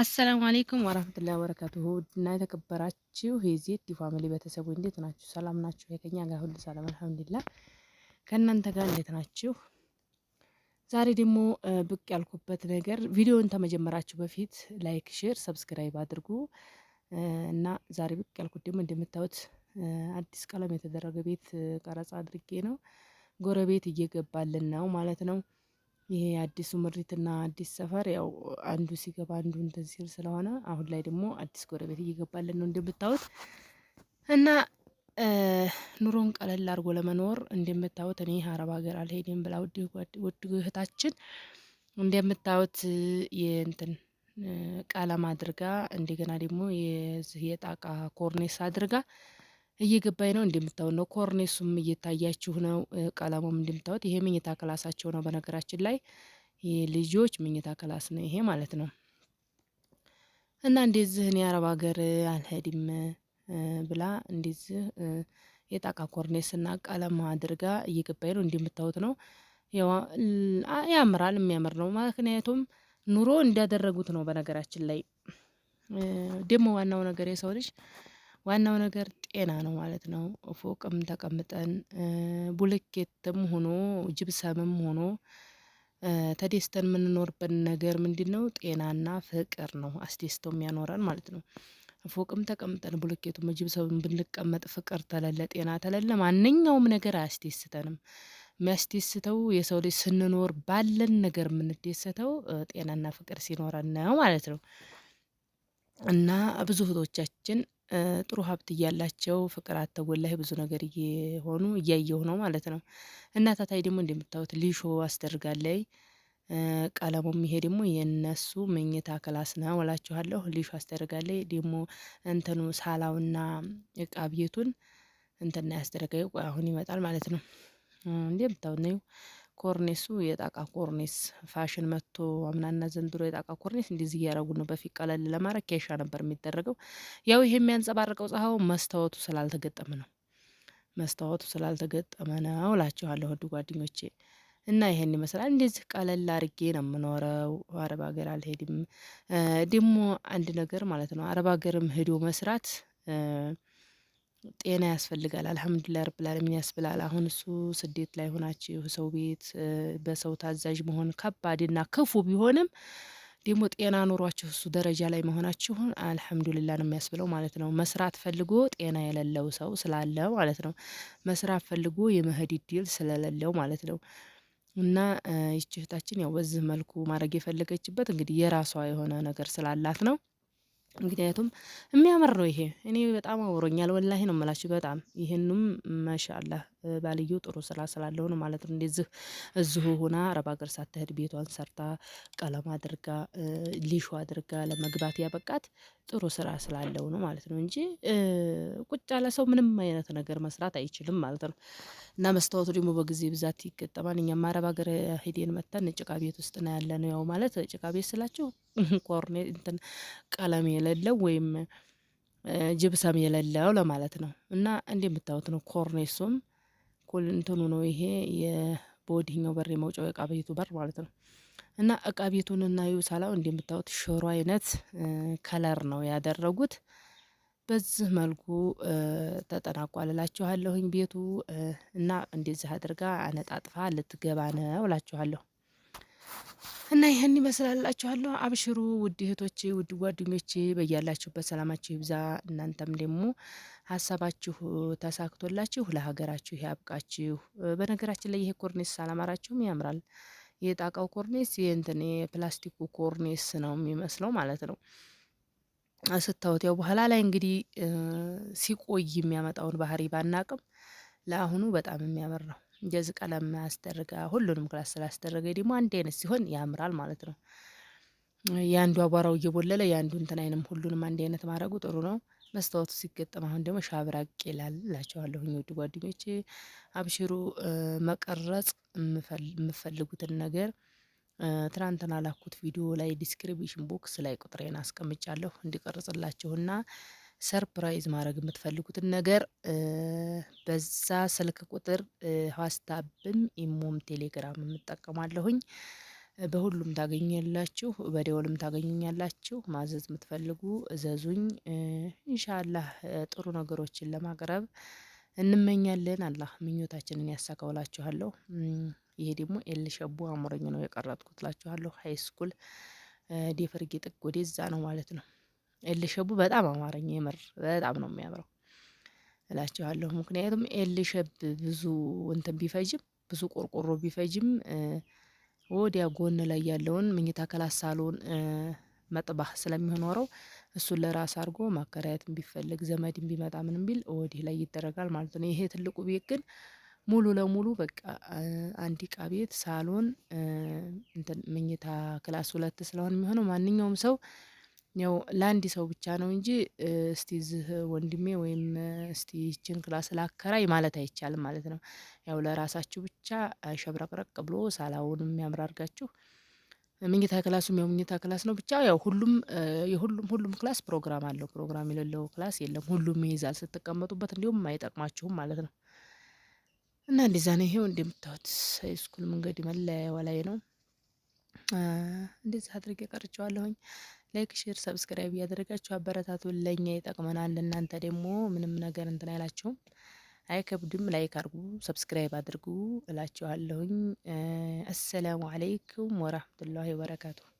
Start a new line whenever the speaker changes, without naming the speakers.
አሰላሙ አሌይኩም ወራህመቱላሂ ወበረካቱሁ ውድና የተከበራችሁ የዜድ ፋሚሊ ቤተሰቡ እንዴት ናችሁ? ሰላም ናችሁ? የከኛ ጋር ሁሉ ሰላም አልሐምዱሊላህ። ከእናንተ ጋር እንዴት ናችሁ? ዛሬ ደግሞ ብቅ ያልኩበት ነገር ቪዲዮን ተመጀመራችሁ በፊት ላይክ፣ ሼር፣ ሰብስክራይብ አድርጉ እና ዛሬ ብቅ ያልኩት ደግሞ እንደምታዩት አዲስ ቀለም የተደረገ ቤት ቀረጻ አድርጌ ነው። ጎረቤት እየገባልን ነው ማለት ነው። ይሄ አዲሱ ምሪትና አዲስ ሰፈር ያው አንዱ ሲገባ አንዱ እንትን ሲል ስለሆነ አሁን ላይ ደግሞ አዲስ ጎረቤት እየገባለን ነው እንደምታዩት። እና ኑሮን ቀለል አድርጎ ለመኖር እንደምታዩት እኔ አረብ ሀገር አልሄድም ብላ ውድ እህታችን እንደምታዩት የእንትን ቀለም አድርጋ እንደገና ደግሞ የዚህ የጣቃ ኮርኔስ አድርጋ እየገባኝ ነው። እንደምታዩት ነው ኮርኔሱም እየታያችሁ ነው። ቀለሙም እንደምታዩት ይሄ መኝታ ክላሳቸው ነው። በነገራችን ላይ የልጆች መኝታ ክላስ ነው ይሄ ማለት ነው። እና እንደዚህ እኔ አረብ ሀገር አልሄድም ብላ እንደዚህ የጣቃ ኮርኔስና ቀለም አድርጋ እየገባኝ ነው። እንደምታዩት ነው ያምራል። የሚያምር ነው ምክንያቱም ኑሮ እንዳደረጉት ነው። በነገራችን ላይ ደግሞ ዋናው ነገር የሰው ልጅ ዋናው ነገር ጤና ነው ማለት ነው። ፎቅም ተቀምጠን ቡልኬትም ሆኖ ጅብሰምም ሆኖ ተደስተን የምንኖርበት ነገር ምንድን ነው? ጤናና ፍቅር ነው አስደስቶ የሚያኖረን ማለት ነው። ፎቅም ተቀምጠን ብሎኬቱም ጅብሰብም ብንቀመጥ ፍቅር ተለለ ጤና ተለለ ማንኛውም ነገር አያስደስተንም። የሚያስደስተው የሰው ልጅ ስንኖር ባለን ነገር የምንደሰተው ጤናና ፍቅር ሲኖረን ነው ማለት ነው። እና ብዙ እህቶቻችን ጥሩ ሀብት እያላቸው ፍቅር አጥተው ወላሂ ብዙ ነገር እየሆኑ እያየሁ ነው ማለት ነው። እና ታታይ ደግሞ እንደምታዩት ሊሾ አስደርጋለይ ቀለሙም ይሄ ደግሞ የነሱ መኝታ ክላስ ነው እላችኋለሁ። ሊሾ አስደርጋለይ ደግሞ እንትኑ ሳላውና እቃ ቤቱን እንትና ያስደረገ አሁን ይመጣል ማለት ነው እንደምታዩት ነው። ኮርኔሱ የጣቃ ኮርኔስ ፋሽን መጥቶ አምናና ዘንድሮ የጣቃ ኮርኔስ እንደዚህ እያረጉ ነው። በፊት ቀለል ለማድረግ ኬሻ ነበር የሚደረገው። ያው ይሄ የሚያንጸባርቀው ፀሐው መስታወቱ ስላልተገጠመ ነው። መስታወቱ ስላልተገጠመ ነው እላችኋለሁ ውድ ጓደኞቼ። እና ይሄን ይመስላል። እንደዚህ ቀለል አርጌ ነው የምኖረው። አረብ ሀገር አልሄድም። ደግሞ አንድ ነገር ማለት ነው አረብ ሀገርም ሄዶ መስራት ጤና ያስፈልጋል። አልሐምዱሊላህ ረብል ዓለሚን ያስብላል። አሁን እሱ ስደት ላይ ሆናችሁ ሰው ቤት በሰው ታዛዥ መሆን ከባድና ክፉ ቢሆንም ደግሞ ጤና ኖሯችሁ እሱ ደረጃ ላይ መሆናችሁን አልሐምዱሊላህ ነው የሚያስብለው ማለት ነው። መስራት ፈልጎ ጤና የሌለው ሰው ስላለ ማለት ነው። መስራት ፈልጎ የመሄድ እድል ስለሌለው ማለት ነው። እና ይች እህታችን ያው በዚህ መልኩ ማድረግ የፈለገችበት እንግዲህ የራሷ የሆነ ነገር ስላላት ነው። ምክንያቱም የሚያምር ነው ይሄ። እኔ በጣም አውሮኛል ወላሂ ነው የምላችሁ። በጣም ይህንም ማሻአላህ ባልየው ጥሩ ስራ ስላለው ነው ማለት ነው። እንደዚህ እዚሁ ሆና አረብ ሀገር ሳትሄድ ቤቷን ሰርታ ቀለም አድርጋ ሊሾ አድርጋ ለመግባት ያበቃት ጥሩ ስራ ስላለው ነው ማለት ነው እንጂ ቁጭ ያለ ሰው ምንም አይነት ነገር መስራት አይችልም ማለት ነው። እና መስታወቱ ደግሞ በጊዜ ብዛት ይገጠማል። እኛም አረብ ሀገር ሄደን መተን ጭቃ ቤት ውስጥ ነው ያለ ነው። ያው ማለት ጭቃ ቤት ስላቸው ኮርኔ እንትን ቀለም የሌለው ወይም ጅብሰም የሌለው ለማለት ነው። እና እንደምታዩት ነው ኮርኔሱም ኩል እንትኑ ነው ይሄ በወዲህኛው በር የመውጫው እቃ ቤቱ በር ማለት ነው። እና እቃ ቤቱን እና ዩሳላው እንደምታዩት ሽሮ አይነት ከለር ነው ያደረጉት። በዚህ መልኩ ተጠናቋል እላችኋለሁኝ። ቤቱ እና እንደዚህ አድርጋ አነጣጥፋ ልትገባ ነው እላችኋለሁ። እና ይህን ይመስላላችኋለሁ። አብሽሩ ውድ እህቶቼ፣ ውድ ጓደኞቼ፣ በያላችሁበት ሰላማችሁ ይብዛ። እናንተም ደግሞ ሀሳባችሁ ተሳክቶላችሁ ለሀገራችሁ ያብቃችሁ። በነገራችን ላይ ይሄ ኮርኔስ አላማራችሁም? ያምራል። የጣቃው ኮርኔስ የእንትን የፕላስቲኩ ኮርኔስ ነው የሚመስለው ማለት ነው። ስታወት ያው በኋላ ላይ እንግዲህ ሲቆይ የሚያመጣውን ባህሪ ባናቅም ለአሁኑ በጣም የሚያምር ነው። እንደዚ ቀለም አስደርጋ ሁሉንም ክላስ ስላስደረገ ደግሞ አንድ አይነት ሲሆን ያምራል ማለት ነው። የአንዱ አቧራው እየቦለለ የአንዱ እንትን አይንም ሁሉንም አንድ አይነት ማድረጉ ጥሩ ነው። መስታወቱ ሲገጠም አሁን ደግሞ ሻብራቅ ይላል እላቸዋለሁ። ውድ ጓደኞቼ አብሽሩ። መቀረጽ የምፈልጉትን ነገር ትናንትና ላኩት ቪዲዮ ላይ ዲስክሪፕሽን ቦክስ ላይ ቁጥሬን አስቀምጫለሁ እንዲቀርጽላችሁና ሰርፕራይዝ ማድረግ የምትፈልጉትን ነገር በዛ ስልክ ቁጥር ዋትስአፕም፣ ኢሞም፣ ቴሌግራም የምጠቀማለሁኝ በሁሉም ታገኙኛላችሁ። በደወልም ታገኙኛላችሁ። ማዘዝ የምትፈልጉ እዘዙኝ። ኢንሻአላህ ጥሩ ነገሮችን ለማቅረብ እንመኛለን። አላህ ምኞታችንን ያሳካውላችኋለሁ። ይሄ ደግሞ ኤልሸቡ አሞረኝ ነው የቀረጥኩት ላችኋለሁ። ሀይ ስኩል ዴፈርጌ ጥግ ወደዛ ነው ማለት ነው። ኤልሸቡ በጣም አማረኛ የምር በጣም ነው የሚያምረው እላችኋለሁ። ምክንያቱም ኤልሸብ ብዙ እንትን ቢፈጅም ብዙ ቆርቆሮ ቢፈጅም ወዲያ ጎን ላይ ያለውን ምኝታ ክላስ፣ ሳሎን፣ መጥባህ ስለሚኖረው እሱን ለራስ አድርጎ ማከራየት ቢፈልግ ዘመድ ቢመጣ ምንም ቢል ወዲህ ላይ ይደረጋል ማለት ነው። ይሄ ትልቁ ቤት ግን ሙሉ ለሙሉ በቃ አንድ እቃ ቤት ሳሎን፣ ምኝታ ክላስ ሁለት ስለሆነ የሚሆነው ማንኛውም ሰው ያው ለአንድ ሰው ብቻ ነው እንጂ እስቲ ዝህ ወንድሜ ወይም እስቲ ይችን ክላስ ላከራይ ማለት አይቻልም ማለት ነው። ያው ለራሳችሁ ብቻ ሸብረቅረቅ ብሎ ሳላውን የሚያምራርጋችሁ ምኝታ ክላሱም ያው ምኝታ ክላስ ነው ብቻ ያው ሁሉም የሁሉም ሁሉም ክላስ ፕሮግራም አለው። ፕሮግራም የሌለው ክላስ የለም። ሁሉም ይይዛል ስትቀመጡበት፣ እንዲሁም አይጠቅማችሁም ማለት ነው። እና እንደዛ ነው። ይሄው እንደምታዩት ሃይስኩል መንገድ መለያዋ ላይ ነው። እንደዚህ አድርጌ ቀርቸዋለሁኝ። ላይክ፣ ሼር፣ ሰብስክራይብ እያደረጋችሁ አበረታቱ። ለእኛ ይጠቅመናል። እናንተ ደግሞ ምንም ነገር እንትን አይላችሁም፣ አይከብድም። ላይክ አድርጉ፣ ሰብስክራይብ አድርጉ እላችኋለሁኝ። አሰላሙ አለይኩም ወራህመቱላሂ ወበረካቱሁ።